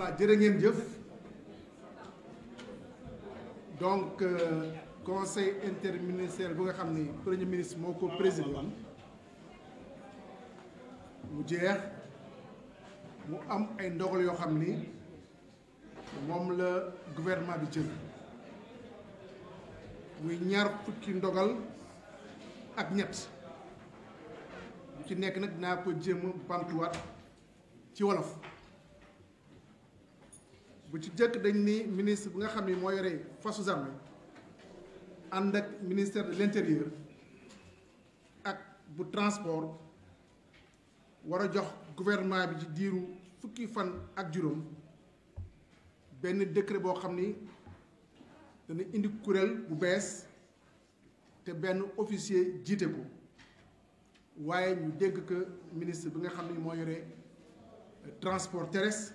allah jërë ngeen jëf donc euh, inter ministère bu nga xam ni premier ministre moo ko présidé woon mu jeex mu am ay ndogal yoo xam ni moom la gouvernement bi jël muy ñaar fukki ndogal ak ñett ci nekk nag dinaa ko jéem a ci wolof bu ci jëkk dañ ni ministre bi nga xam ne moo yore forces armées ànd ak ministère de l'intérieur ak bu transport war a jox gouvernement bi ci diiru fukki fan ak juróom benn décret boo xam ni dana indi kuréel bu bees te benn officier jiite bu waaye ñu dégg que ministre bi nga xam ni moo yore transport terrestre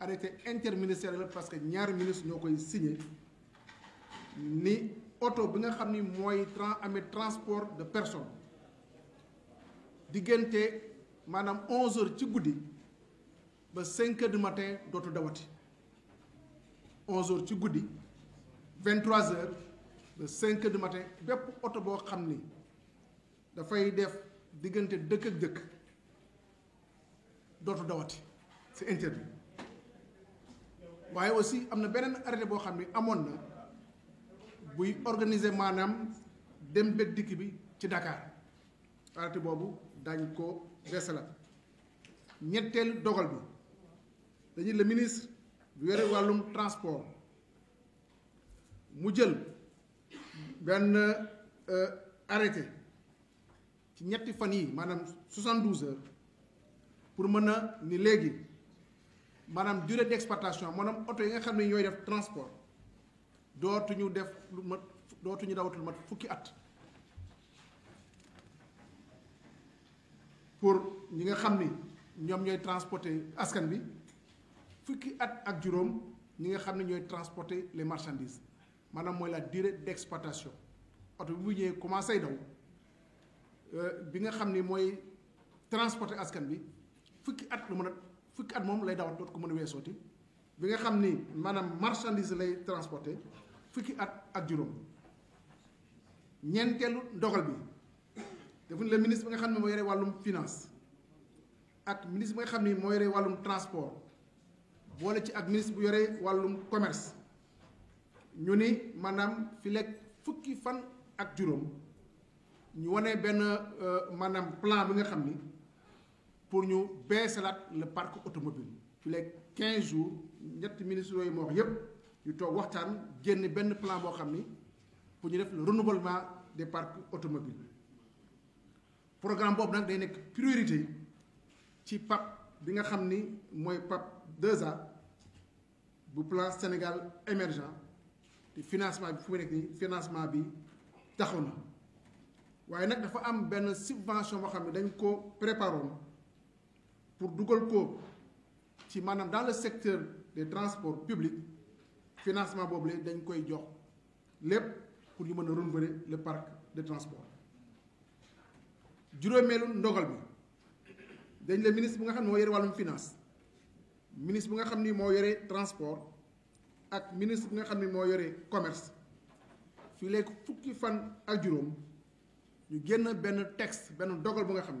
arrêté interministériel parce que ñaar ministres ñoo signé ni auto bi nga xamni moy transport de personnes diggante manam 11h ci goudi ba 5h du matin dootu dawati 11h ci goudi 23h ba 5h du matin bép auto bo xamni da fay def diggante deuk ak dëkk dawati c'est interdit. waaye aussi am na beneen arrêté boo xam ne amoon na buy organiser maanaam dem bëgg dikk bi ci Dakar arrêté boobu dañ ko beesalaat ñetteel dogal bi dañuy la ministre bu yore wàllum transport mu jël benn euh, arrêté ci ñetti fan yi maanaam soixante-douze heures pour mën a ni léegi manam durée d'exploitation maanaam auto yi nga xamni ñoy def transport dootu ñu def lu mat dootuñu dawatul mat fukki at pour ñi nga xamni ñom ñoy transporter askan bi fukki at ak juróom ñi nga xamni ñoy transporter les marchandises manam moy la durée d'exploitation auto bi bu ñëwee commencé daw euh bi nga xamni moy transporter askan bi fukki at lu mëna fukki at moom lay dawal doot ko mën a weesooti bi nga xam ni maanaam marchandise lay transporté fukki at ak juróom ñeenteelu ndogal bi defuñ la ministre bi nga xam ne moo yore wàllum finance ak ministre bi nga xam ni moo yore wàllum transport boole ci ak ministre bu yore wàllum commerce ñu ni maanaam fi lekk fukki fan ak juróom ñu wane benn euh, maanaam plan bi nga xam ni pour nous baisser le parc automobile y les 15 jours ñetti ministres yooyu ma wax yëpp ñu toog plan pour ñu def le renouvellement des parcs automobiles programme est nag day priorité ci PAP bi nga xam ni PAP 2A bu plan Sénégal émergent Le financement bi fu mu financement bi taxaw na waaye dafa subvention boo nous pour dugal ko ci maanaam dans le secteur des transports publics financement boblé, d'un dañ koy jox pour ñu mën renouveler le parc de transport juróomeelu ndogal bi D'un la ministre bu nga xam ne moo finance ministre bu nga xam ni moo transport ak ministre bu nga xam ni moo commerce fii léegi fukki fan ak juróom ñu génn benn texte benn dogal bu nga xam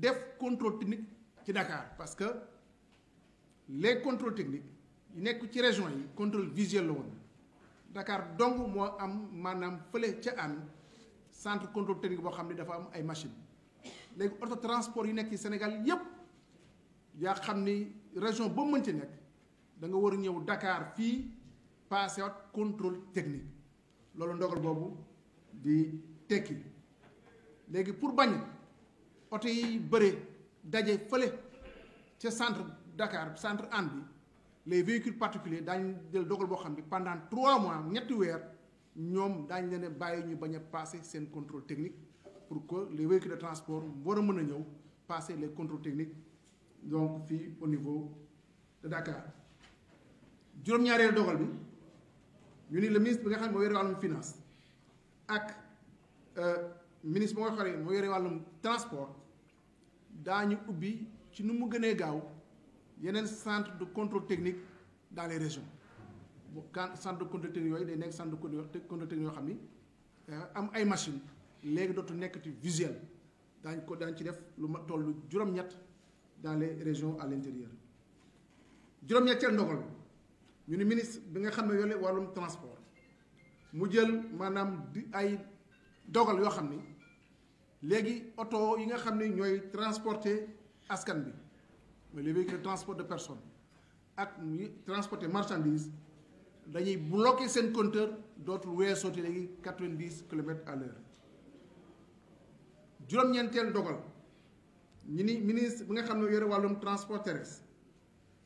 def contrôle technique ci Dakar parce que les contrôles techniques yi nekk ci région yi contrôle visuel la Dakar dong moo am maanaam fële ca an centre contrôle technique boo xam ne dafa am ay machine léegi auto transport yi nekk ci Sénégal yépp yaa xam ni région ba mën ci nekk da nga war a ñëw Dakar fii passé wat contrôle technique loolu ndogal boobu di tekki léegi pour bañ auto yi bëre daje fële ca centre Dakar centre Hann bi les véhicules particuliers dañ del dogal boo xam ne pendant trois mois ñetti weer ñoom dañ leen bàyyi ñu bañ a passer seen contrôle technique pour que les véhicules de transport war a mën a ñëw passer les contrôles techniques donc fii au niveau de Dakar juróom-ñaareelu dogal bi ñu ni le ministre bi nga xam ne mooy wér wàllum finance ak. Euh, ministre moo xore moo yore wàllum transport daañu ubbi ci nu mu gënee gaaw yeneen centre de contrôle technique dans les régions bu centre de contrôle technique yooyu day nekk centre de contrôle technique yoo xam ni eh, am ay machine léegi dootu ci visuel daañ ko daañ ci def lu ma tollu juróom-ñett dans les régions à l'intérieur juróom-ñetteel ndogal ñu ne ministre bi nga xam ne yore wàllum transport mu jël maanaam di ay dogal yoo xam ni légui auto yi nga xamné ñoy transporter askan bi mais les véhicules de transport de personnes ak transporter marchandises dañuy bloquer sen compteur dootul wéssoti légui 90 km à l'heure juróom ñentel dogal ñi ni ministre bi nga xamné yoré walum transport terrestre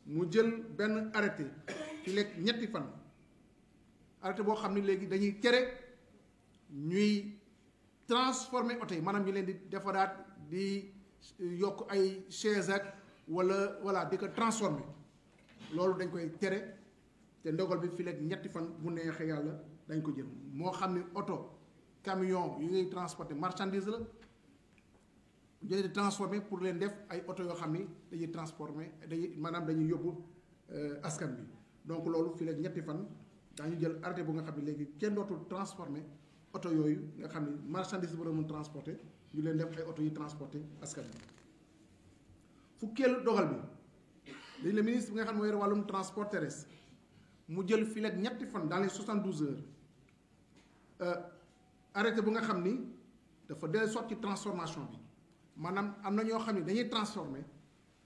mu jël ben arrêté ci lek ñetti fan arrêté bo xamné légui dañuy téré ñuy transformer oto yi manam ñu leen di defaraat di euh, yokk ay chaise ak wala voilà di ko transformer loolu dañ koy tere te ndogal bi fi lekk ñetti fan bu neexee yàlla dañ ko jël moo xam ne oto camion yi ngay transporté marchandise la ñu leen di transformer pour leen def ay oto yoo xam ni dañuy transformer dañuy maanaam dañuy yóbbu euh, askan bi donc loolu fi lekk ñetti fan daañu jël arrêté bu nga xam ne léegi kenn dootul transformé oto yooyu nga xam ne marchandise bi mën transporter ñu leen def ay oto yi transporter askan bi fukkeelu dogal bi dañ le ministre bi nga xam ne mooy wàllum transport terrestre mu jël fii ak ñetti fan dans les 72 heures euh, arrêté bu nga xam ni dafa dellu sotti transformation bi maanaam am na ñoo xam ne dañuy transformer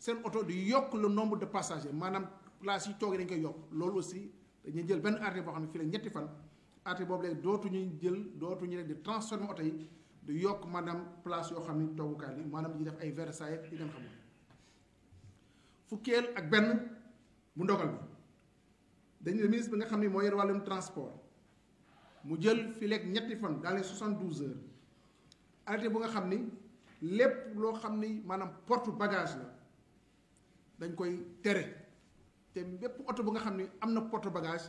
seen oto di yokk le nombre de passagers maanaam place yi toog dañ koy yokk loolu aussi dañuy jël benn arrêté boo xam ne fii la ñetti fan ate boobu léegi dootuñu jël dootuñu rek di transformer oto yi di yokk maanaam place yoo xam ni toogukaay bi maanaam di def ay versailles yi ngeen xamul fukkeel ak benn bu ndogal bi dañu ne ministre bi nga xam ni moo yor wàllum transport mu jël fi lekk ñetti fan dans les 72 heures arrêté bu nga xam ni lépp loo xam ni maanaam porte bagage la dañ koy tere te bépp oto bu nga xam ni am na porte bagage.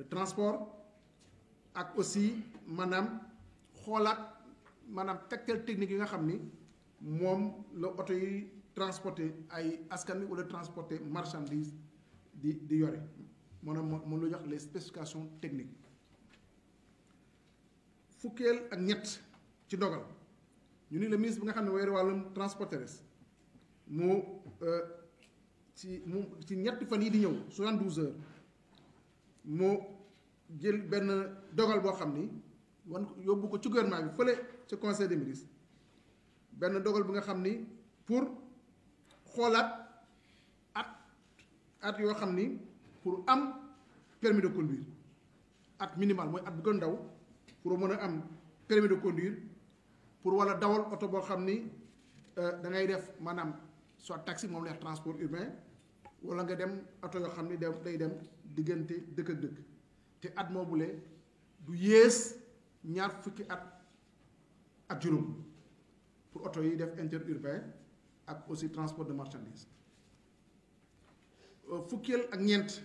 Le transport et aussi manam xolat manam technique yi nga xamni mom le auto yi transporter ay askan transporter di di manam les spécifications techniques fukel ak ñet le ministre nga xamni walum mo euh ci ci fan di heures mu jël benn dogal boo xam ni wan yóbbu ko ci gouvernement bi fële ci conseil des ministres benn dogal bi nga xam ni pour xoolaat at at yoo xam ni pour am permis de conduire at minimal mooy at bu gën ndaw pour mën a am permis de conduire pour wala dawal oto boo xam ni euh, da ngay def maanaam soit taxi moom leex transport urbain wala nga dem oto yoo xam ni day dem diggante dëkk ak dëkk te at moomule du yées ñaar fukki at ak juróom pour oto yi def interurbain ak aussi transport de marchandise euh, fukkeel ak ñeent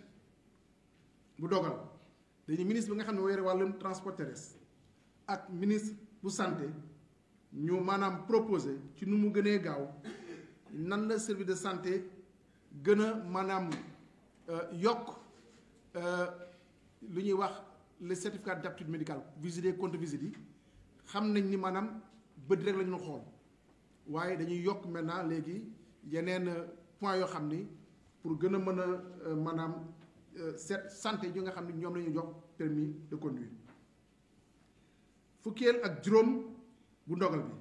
bu dogal dañuy ministre bi nga xam ne moo yore wàllum transport terrestre ak ministre bu santé ñu maanaam proposé ci nu mu gënee gaaw nan la service de santé gën a maanaam euh, yokk Euh, lu ñuy wax le certificat d'aptitude médicale visite compte visite yi xam nañ ni maanaam bët rek la ñu xool waaye dañuy yokk maintenant léegi yeneen euh, point yoo xam ni pour gën a mën a euh, maanaam seet santé yi nga xam ne ñoom la ñuy jox permis de conduire fukkeel ak juróom bu ndogal bi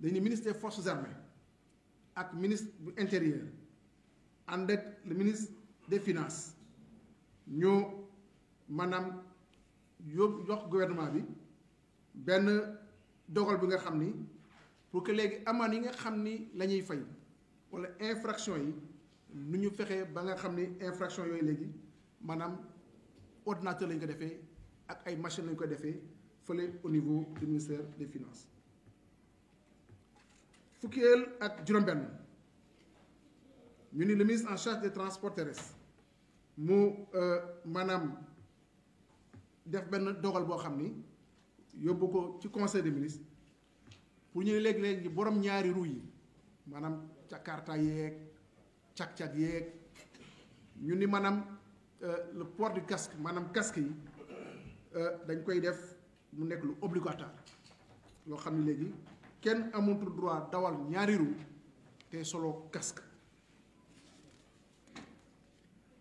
dañ ni ministre des forces armées ak ministre bu intérieur ànd ak le ministre des finances ñu manam yóbbu jox gouvernement bi ben dogal bi nga xamni pour que légui amane yi nga xamni lañuy fay wala infraction yi nuñu fexé ba nga xamni infraction yoy légui manam ordinateur lañ ko défé ak ay machine lañ ko défé feulé au niveau du ministère des finances fukiel ak juróom-benn ñu ni le ministre en charge des transports terrestres mu euh, manam def ben dogal bo xamni ni ko ci conseil des ministres pour ñu ne léegi-léegi borom ñaari ru manam maanaam Jakarta yek cag-cag yek ñu ni maanaam euh, le port du casque manam casque yi euh, dañ koy def mu nek lu obligatoire lo xamni ne léegi kenn droit dawal ñaari ru té solo casque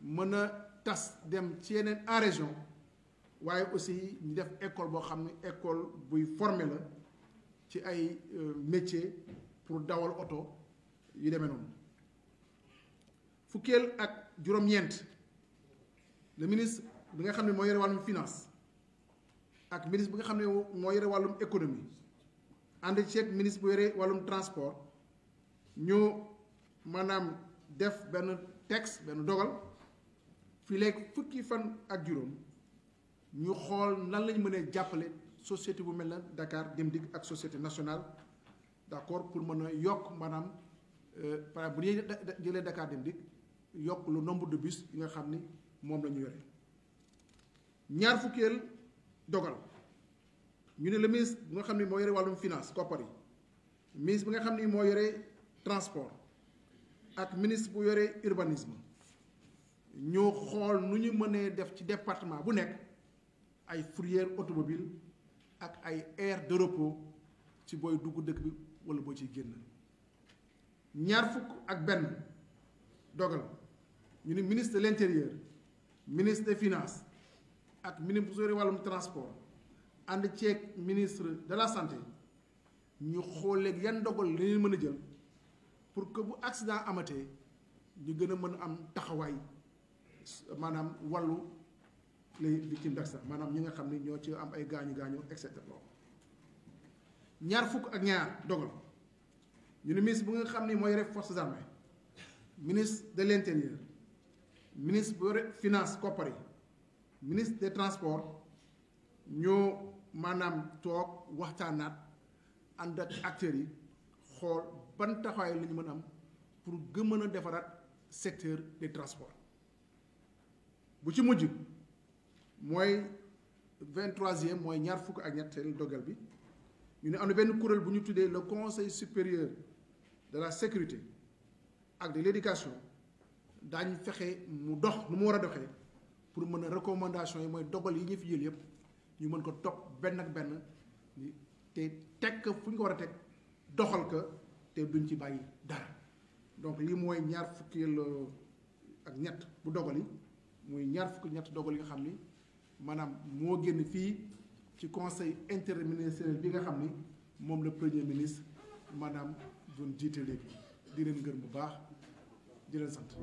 mën tas dem ci en région aussi ñu def école boo xam ne école former la ci ay euh, métier pour dawal oto yu demee noonu fukkeel ak le ministre bi nga xam ne moo finance ak ministre bi nga ministre bu transport ñu maanaam def texte dogal fii léegi fukki fan ak juróom ñu xool nan lañ mënee jàppale société bu mel Dakar Dem Dikk ak société nationale d'accord pour mën a yokk maanaam euh, par bu ñuy jëlee Dakar Dem Dikk yokk le nombre de bus yi nga xam ni moom la ñu yore ñaar fukkeel dogal ñu ne le ministre bi nga xam ni moo yore wàllum finance koppar yi ministre bi nga xam ni moo yore transport ak ministre bu yore urbanisme ñoo xool nu ñu mënee def ci département bu nekk ay fourrière automobile ak ay aire de repos ci booy dugg dëkk bi wala boo ciy génn ñaar fukk ak benn dogal ñu ni ministre de l'intérieur ministre des finance ak ministre bu sori wàllum transport ànd ceeg ministre de la santé ñu xooleeg yan dogal la ñuy mën a jël pour que bu accident amatee ñu gën a mën a am taxawaay maanaam wàllu les victimes d'accident maanaam ñi nga xam ni ñoo ci am ay gaañu gaañu et cetera ñaar fukk ak ñaar dogal ñu ne ministre bu nga xam ni mooy yore forces armées ministre de l'intérieur ministre bu yore finance koppar ministre des transports ñoo maanaam toog waxtaanaat ànd ak acteurs yi xool ban taxawaay la ñu mën a am pour gën mën a defaraat secteur des transports. bu ci mujj 23e moi mooy ñaar fukk ak ñetteel dogal bi ñu ne am na bu ñu le conseil supérieur de la sécurité ak de l'éducation daañu fexe mu dox nu mu pour mon recommandation et moi dogal yi ñu fi jël yëpp ñu mën ko topp benn ak ben te teg fu ñu ko wara ték doxal ko té duñ ci bayyi dara donc lii mooy ñaar fukki ak ñett bu dogal muy ñaar fukk ñett dogal yi nga xam ni maanaam moo génn fii ci conseil interministériel bi nga xam ni moom la premier ministre maanaam doon jiite léegi di leen gërëm bu baax di leen sant.